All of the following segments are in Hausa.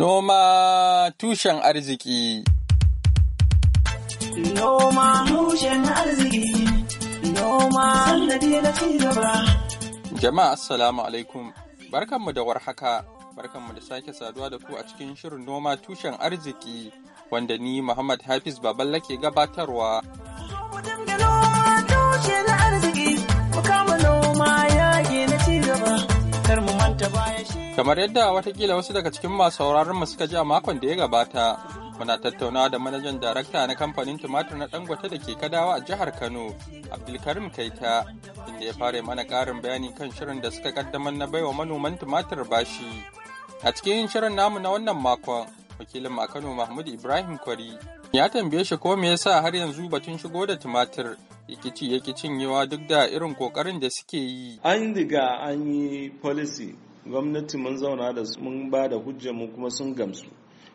Noma tushen arziki Noma tushen arziki Noma cigaba Jama'a Assalamu alaikum barkanmu da warhaka barkanmu da sake saduwa da ku a cikin shirin noma tushen arziki wanda ni Muhammad Hafiz Baballa ke gabatarwa. Noma tushen arziki, mu kama noma yagi na kar Kamar yadda watakila wasu daga cikin masu sauraron mu suka ji a makon da ya gabata, muna tattaunawa da manajan darakta na kamfanin tumatir na Dangote da ke kadawa a jihar Kano, Abdulkarim Kaita, inda ya fara mana karin bayani kan shirin da suka kaddamar na baiwa manoman tumatir bashi. A cikin shirin namu na wannan makon, wakilin a Kano Mahmud Ibrahim Kwari Ya tambaye shi ko me yasa har yanzu batun shigo da tumatir rikici yake cinyewa duk da irin kokarin da suke yi. An riga an yi policy gwamnati mun zauna da su mun ba da hujja mu kuma sun gamsu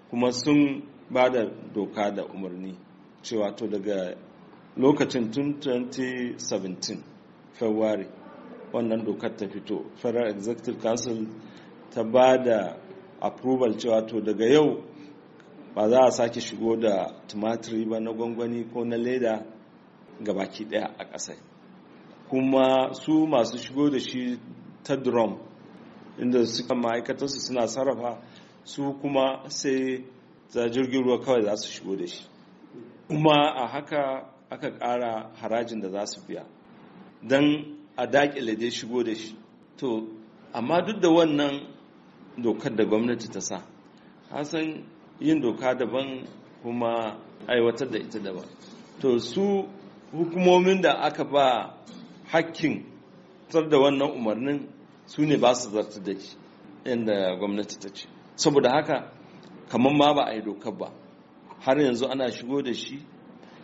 kuma sun ba da doka da umarni cewa to daga lokacin tun 2017 february wannan dokar ta fito federal executive council ta ba da approval cewa to daga yau ba za a sake shigo da tumatiri ba na gwangwani ko na leda ga baki daya a ƙasar kuma su masu shigo da shi ta drum inda suka ma'aikatarsu suna sarrafa su kuma sai za jirgin ruwa kawai za su shigo da shi kuma a haka aka ƙara harajin da za su biya don a daƙile dai shigo da shi to amma duk da wannan dokar da gwamnati ta sa hasan yin doka daban kuma aiwatar da ita daban to su hukumomin da aka ba hakkin tsar da wannan umarnin su ne ba su zartar da shi inda gwamnati ta ce saboda haka kamar ma ba a yi dokar ba har yanzu ana shigo da shi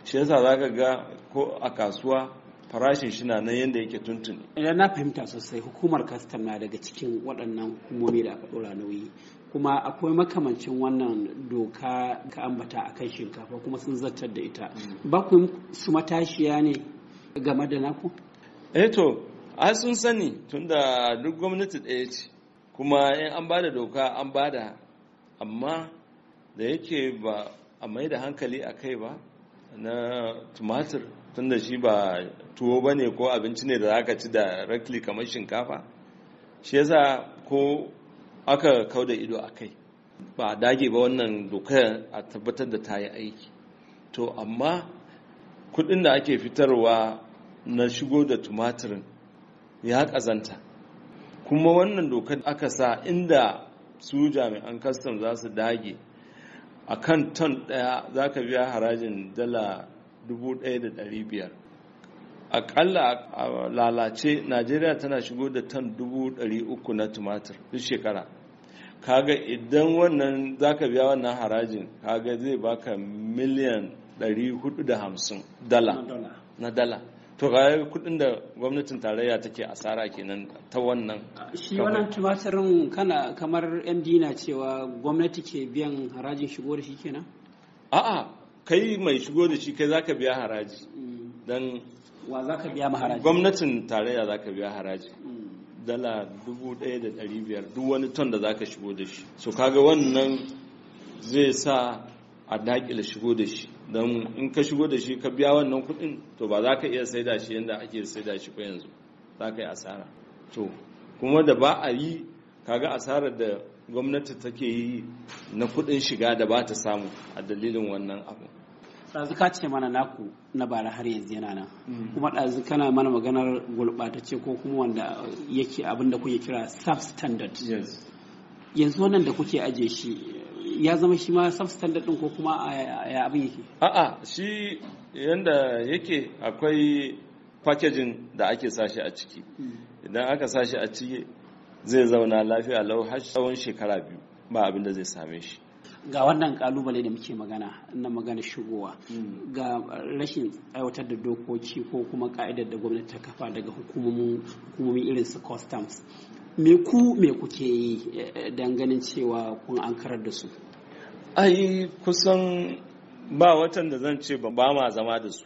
shi yasa za ka ga ko a kasuwa farashin shi na nan yadda yake tuntuni. Idan na fahimta sosai hukumar kastam na daga cikin waɗannan hukumomi da aka ɗora nauyi kuma akwai makamancin wannan doka ka ambata a kan shinkafa kuma sun zartar da ita. Mm. Ba su matashiya ne game da naku? Eh to, ai sun sani tun da duk gwamnati ɗaya ce kuma in an ba da doka an ba da amma da yake ba a mai da hankali a kai ba na tumatir tunda shi ba tuwo ba ne ko abinci ne da zaka ci rakli kamar shinkafa shi yasa ko aka kau da ido a kai ba dage ba wannan dokar a tabbatar da ta yi aiki to amma kudin da ake fitarwa na shigo da tumatirin ya kazanta kuma wannan dokar aka sa inda su jami'an kastam za su dage a kan ton daya za ka biya harajin dala 1,500 aƙalla a lalace najeriya tana shigo da tan 300 na tumatir duk shekara kaga idan wannan zaka biya wannan harajin kaga zai baka miliyan 450 dala na dala to ga kudin da gwamnatin tarayya take asara kenan ta wannan shi wannan tumatirin kana kamar md na cewa gwamnati ke biyan harajin shigo da shi kenan a'a kai mai shigo da shi kai zaka biya haraji mm. dan wa zaka biya ma haraji gwamnatin tarayya zaka biya haraji mm. dala 1500 duk wani ton da zaka shigo da shi so kaga wannan zai sa a dakile shigo da shi don in ka shigo da shi ka biya wannan kudin to ba za ka iya saida shi yadda ake saida shi ko yanzu za ka yi asara to kuma da ba a yi kaga asarar da gwamnati take yi na kudin shiga da ba ta samu a dalilin wannan abu ɗazu ka ce mana naku na bara har yanzu yana nan mm. kuma ɗazu kana mana maganar gurɓatacce ko kuma wanda yake abin da kuke kira substandard yanzu wannan da kuke aje shi ya zama shi ma substandard ɗin ko kuma a abin yake a'a shi yanda yake akwai packaging da ake sashi a ciki mm. idan aka sashi a ciki zai zauna lafiya lau har tsawon shekara biyu ba abin da zai same shi ga wannan kalubale da muke magana na magana shigowa ga rashin aiwatar da dokoki ko kuma ka'idar da gwamnati ta kafa daga hukumomin irin su customs me ku me kuke yi eh, don ganin cewa kun an karar da su ai kusan ba watan da zan ce ba ba ma zama da su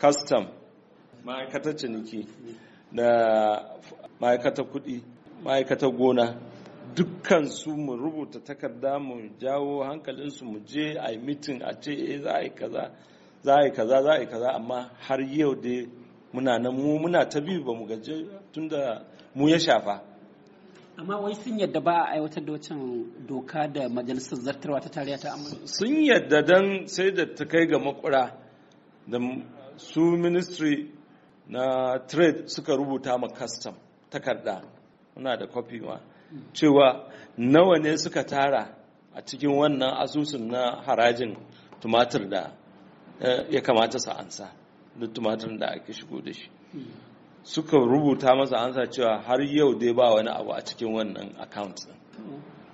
custom ma'aikatar ciniki da ma'aikatar kuɗi ma'aikatar gona dukkan su mu rubuta takarda mu jawo hankalinsu mu je a yi mitin a ce eh za a yi kaza za a yi kaza za a yi kaza amma har yau dai muna nan mu muna ta biyu ba mu gaje tunda mu ya shafa amma wai sun yadda ba a aiwatar da wancan doka da majalisar zartarwa ta tarayya ta amma sun yadda dan sai da ta kai ga makura da su ministry na trade suka rubuta ma custom takarda muna da copy ma cewa nawa ne suka tara a cikin wannan asusun na harajin tumatir da eh, ya kamata su ansa duk tumatir da ake shigo da shi suka rubuta masa ansa cewa har yau dai ba wani abu a cikin wannan account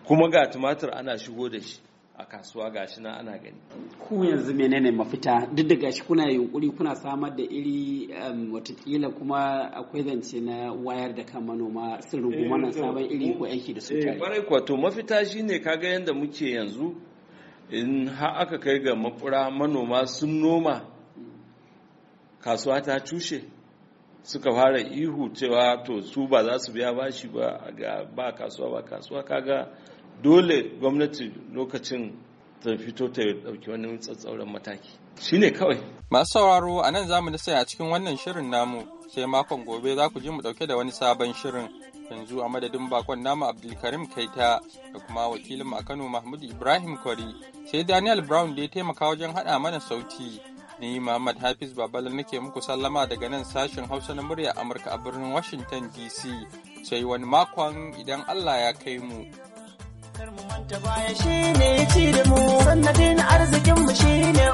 kuma ga tumatir ana shigo da shi a kasuwa gashi na ana gani ku yanzu menene mafita duk da gashi kuna yunkuri kuna samar da iri um, watakila kuma akwai zance na wayar da kan manoma sun rungu mana eh, sabon iri ko aiki da su kwarai eh, kwato mafita shine kaga yadda muke yanzu in har aka kai ga makura manoma sun noma kasuwa ta cushe suka fara ihu cewa to su ba za su biya bashi ba ba kasuwa ba kasuwa kaga dole gwamnati lokacin ta fito ta dauki wani tsatsauran mataki Shi ne kawai masu sauraro a nan zamu da a cikin wannan shirin namu sai makon gobe za ku ji mu dauke da wani sabon shirin yanzu a madadin bakon namu abdulkarim kaita da kuma wakilin a kano mahmud ibrahim kwari sai daniel brown da ya taimaka wajen haɗa mana sauti ni Muhammad Hafiz Babala nake muku sallama daga nan sashen Hausa na murya Amurka a birnin Washington DC sai wani makon idan Allah ya kai mu. Ta baya shine ci da mu, sanadin arzikin mu shine